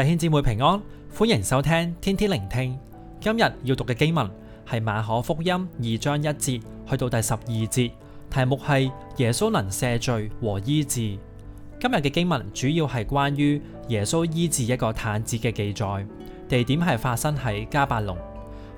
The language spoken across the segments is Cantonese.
弟兄姊妹平安，歡迎收聽天天靈聽。今日要讀嘅經文係馬可福音二章一節去到第十二節，題目係耶穌能赦罪和醫治。今日嘅經文主要係關於耶穌醫治一個癱子嘅記載，地點係發生喺迦百農。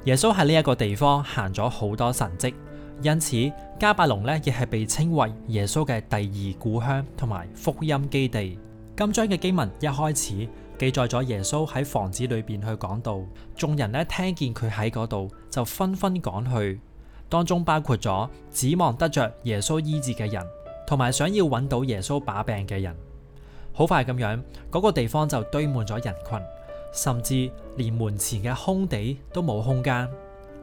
耶穌喺呢一個地方行咗好多神跡，因此迦百農呢亦係被稱為耶穌嘅第二故鄉同埋福音基地。今章嘅經文一開始，記載咗耶穌喺房子裏邊去講道，眾人呢聽見佢喺嗰度就紛紛趕去，當中包括咗指望得着耶穌醫治嘅人，同埋想要揾到耶穌把柄嘅人。好快咁樣，嗰個地方就堆滿咗人群，甚至連門前嘅空地都冇空間。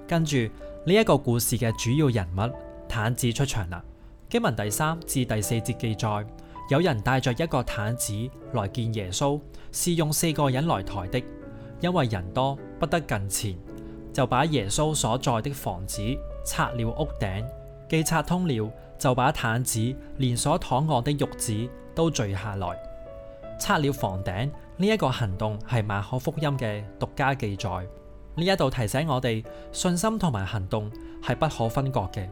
跟住呢一個故事嘅主要人物癱子，出場啦。經文第三至第四節記載。有人帶着一個癱子來見耶穌，是用四個人來抬的，因為人多，不得近前，就把耶穌所在的房子拆了屋頂，既拆通了，就把癱子連所躺臥的褥子都縋下來。拆了房頂呢一個行動係馬可福音嘅獨家記載。呢一度提醒我哋信心同埋行動係不可分割嘅。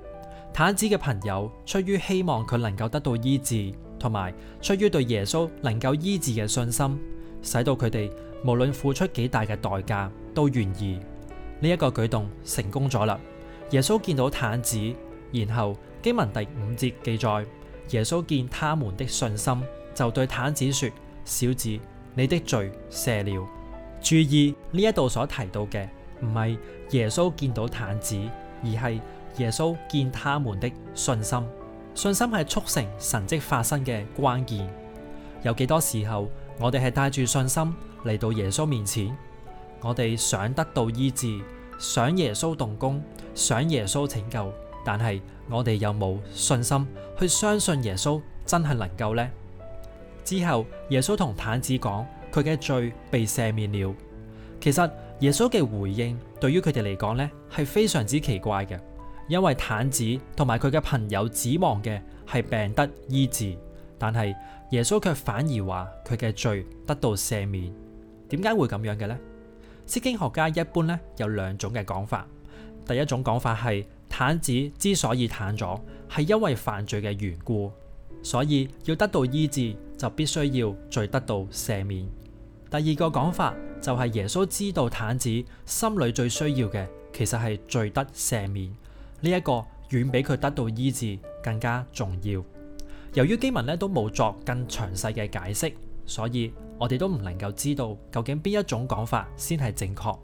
癱子嘅朋友出於希望佢能夠得到醫治。同埋，出於對耶穌能夠醫治嘅信心，使到佢哋無論付出幾大嘅代價都願意。呢一個舉動成功咗啦。耶穌見到癱子，然後經文第五節記載，耶穌見他們的信心，就對癱子說：小子，你的罪赦了。注意呢一度所提到嘅唔係耶穌見到癱子，而係耶穌見他們的信心。信心係促成神蹟發生嘅關鍵。有幾多時候，我哋係帶住信心嚟到耶穌面前，我哋想得到醫治，想耶穌動工，想耶穌拯救，但係我哋有冇信心去相信耶穌真係能夠呢？之後，耶穌同癱子講，佢嘅罪被赦免了。其實耶穌嘅回應對於佢哋嚟講呢，係非常之奇怪嘅。因為癱子同埋佢嘅朋友指望嘅係病得醫治，但係耶穌卻反而話佢嘅罪得到赦免。點解會咁樣嘅呢？釋經學家一般咧有兩種嘅講法。第一種講法係癱子之所以癱咗，係因為犯罪嘅緣故，所以要得到醫治就必須要罪得到赦免。第二個講法就係耶穌知道癱子心裏最需要嘅其實係罪得赦免。呢一個遠比佢得到醫治更加重要。由於經文呢都冇作更詳細嘅解釋，所以我哋都唔能夠知道究竟邊一種講法先係正確。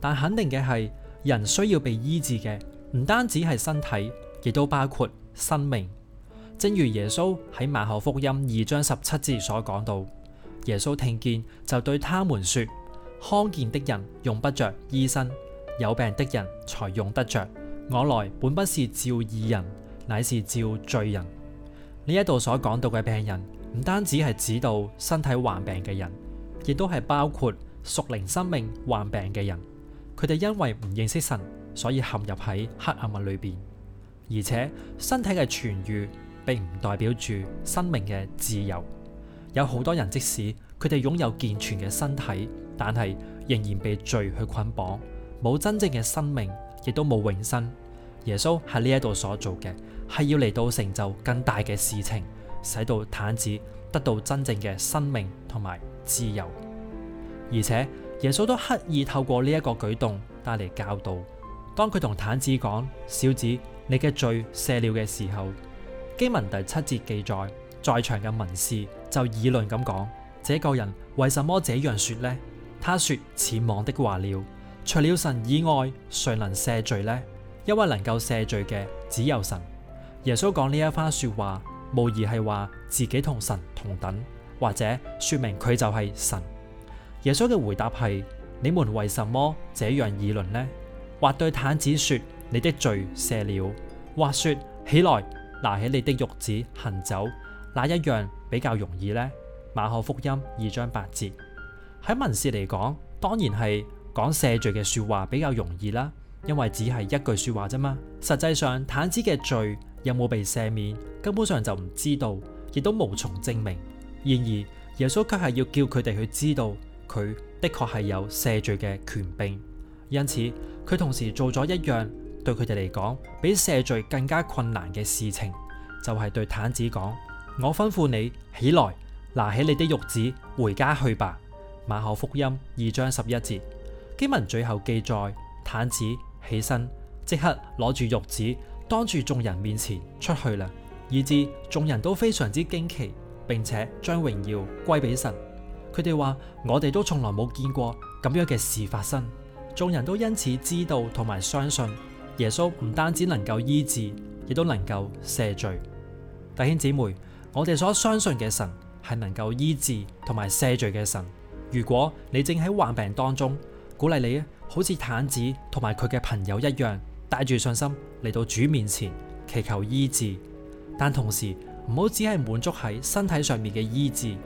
但肯定嘅係，人需要被醫治嘅，唔單止係身體，亦都包括生命。正如耶穌喺馬可福音二章十七節所講到，耶穌聽見就對他們說：康健的人用不着醫生，有病的人才用得着。我來本不是召義人，乃是召罪人。呢一度所講到嘅病人，唔單止係指到身體患病嘅人，亦都係包括屬靈生命患病嘅人。佢哋因為唔認識神，所以陷入喺黑暗物裏邊。而且身體嘅痊癒，並唔代表住生命嘅自由。有好多人即使佢哋擁有健全嘅身體，但係仍然被罪去捆綁，冇真正嘅生命。亦都冇永生，耶穌喺呢一度所做嘅係要嚟到成就更大嘅事情，使到癱子得到真正嘅生命同埋自由。而且耶穌都刻意透過呢一個舉動帶嚟教導。當佢同癱子講，小子，你嘅罪赦了嘅時候，經文第七節記載，在場嘅文士就議論咁講：這個人為什麼這樣說呢？他說僭妄的話了。除了神以外，誰能赦罪呢？因為能夠赦罪嘅只有神。耶穌講呢一番說話，無疑係話自己同神同等，或者說明佢就係神。耶穌嘅回答係：你們為什麼這樣議論呢？或對癱子說：你的罪赦了。或說起來，拿起你的褥子行走，哪一樣比較容易呢？馬可福音二章八節。喺文士嚟講，當然係，講赦罪嘅說話比較容易啦，因為只係一句說話啫嘛。實際上，癱子嘅罪有冇被赦免，根本上就唔知道，亦都無從證明。然而，耶穌卻係要叫佢哋去知道，佢的確係有赦罪嘅權柄。因此，佢同時做咗一樣對佢哋嚟講比赦罪更加困難嘅事情，就係對癱子講：我吩咐你起來，拿起你的褥子回家去吧。馬可福音二章十一節。經文最後記載，癱子起身，即刻攞住褥子，當住眾人面前出去啦。以致眾人都非常之驚奇，並且將榮耀歸俾神。佢哋話：我哋都從來冇見過咁樣嘅事發生。眾人都因此知道同埋相信耶穌唔單止能夠醫治，亦都能夠赦罪。弟兄姊妹，我哋所相信嘅神係能夠醫治同埋赦罪嘅神。如果你正喺患病當中，鼓勵你，好似癱子同埋佢嘅朋友一樣，帶住信心嚟到主面前祈求醫治，但同時唔好只係滿足喺身體上面嘅醫治。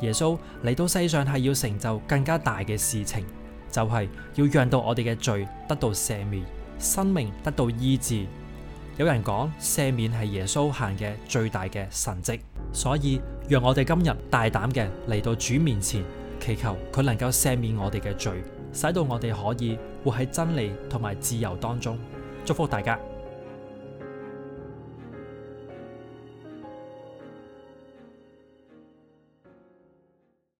耶穌嚟到世上係要成就更加大嘅事情，就係要讓到我哋嘅罪得到赦免，生命得到醫治。有人講赦免係耶穌行嘅最大嘅神蹟，所以讓我哋今日大膽嘅嚟到主面前祈求，佢能夠赦免我哋嘅罪。使到我哋可以活喺真理同埋自由當中，祝福大家。